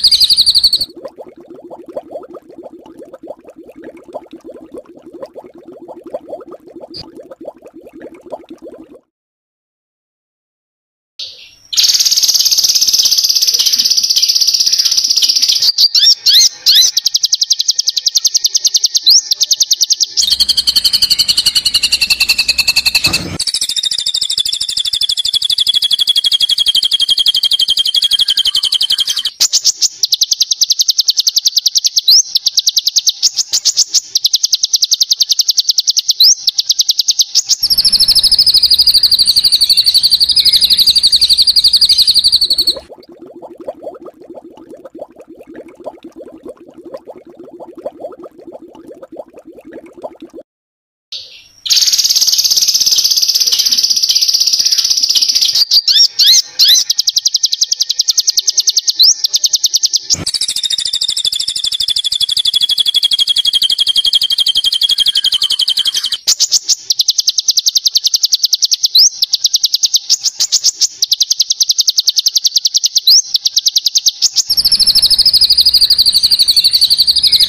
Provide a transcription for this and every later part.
you you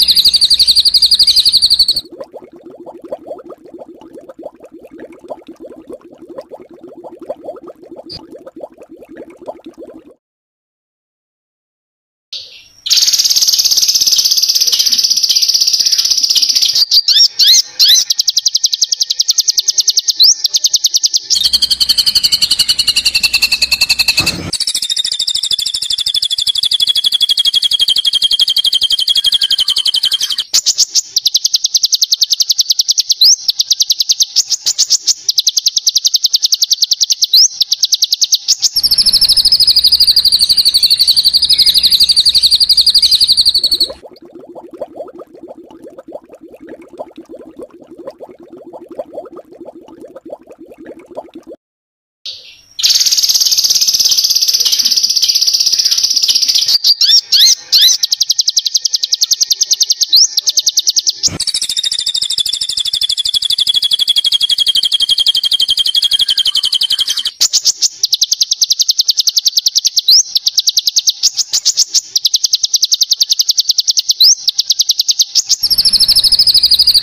you Thank you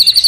you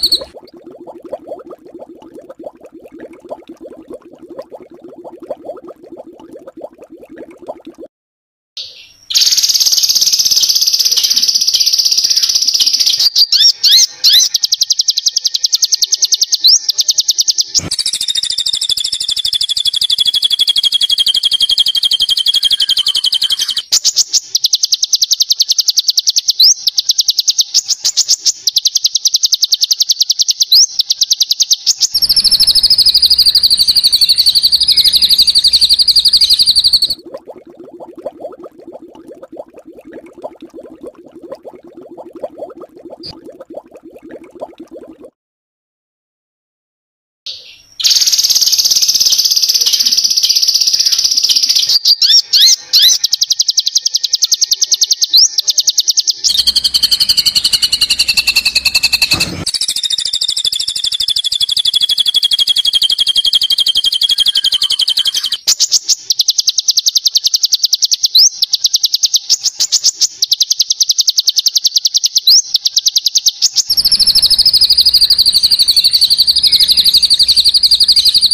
Thank you.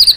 you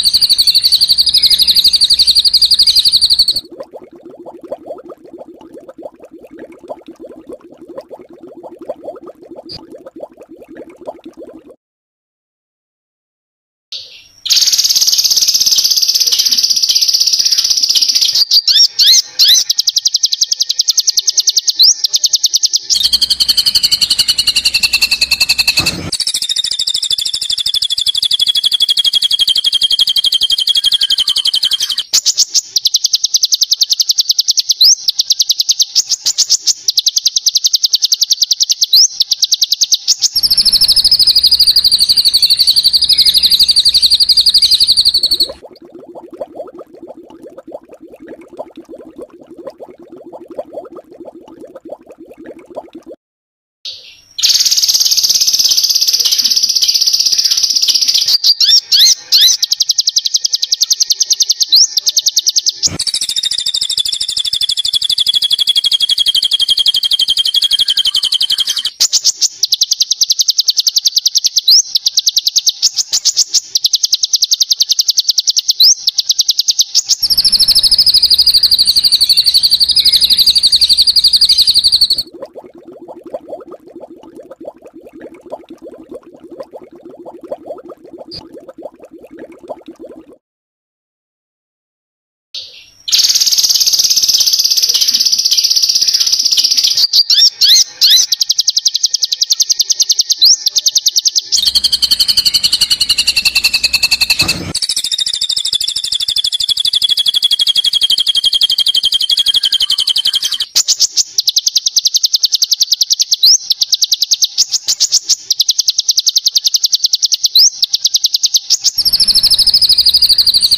you Thank you. you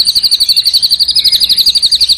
Thank you.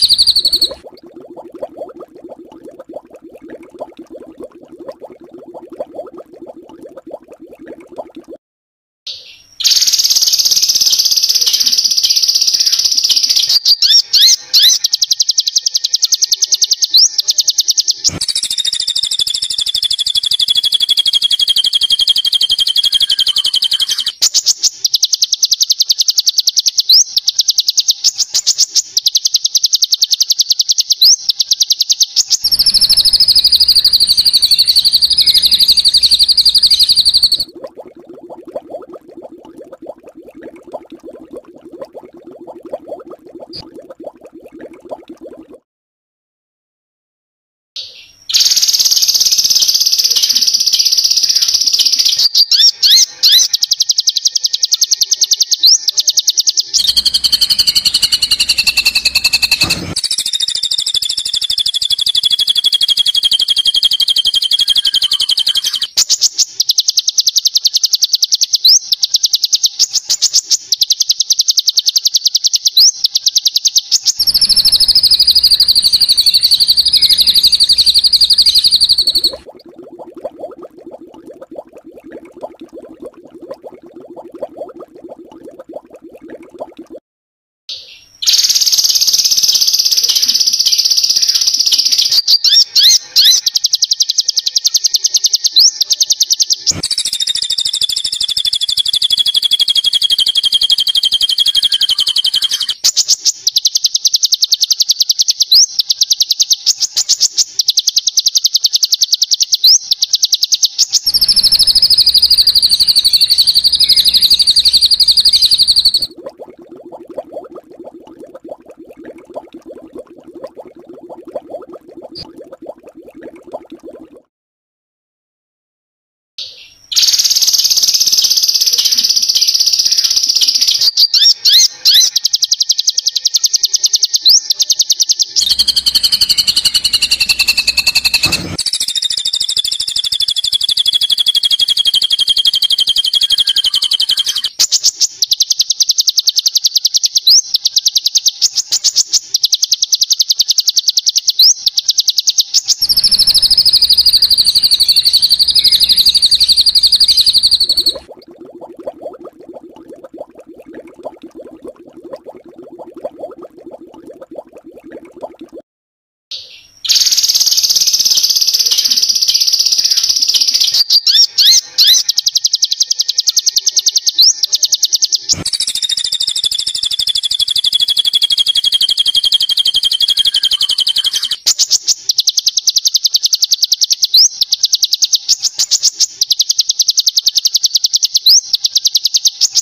フッ。you you Thank you. you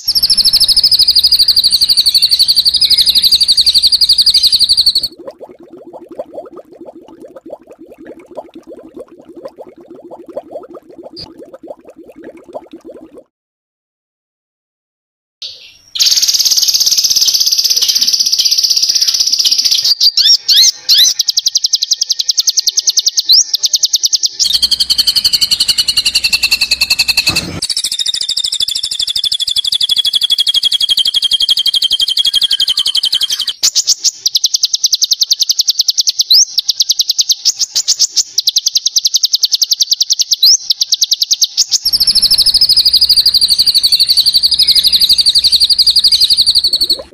you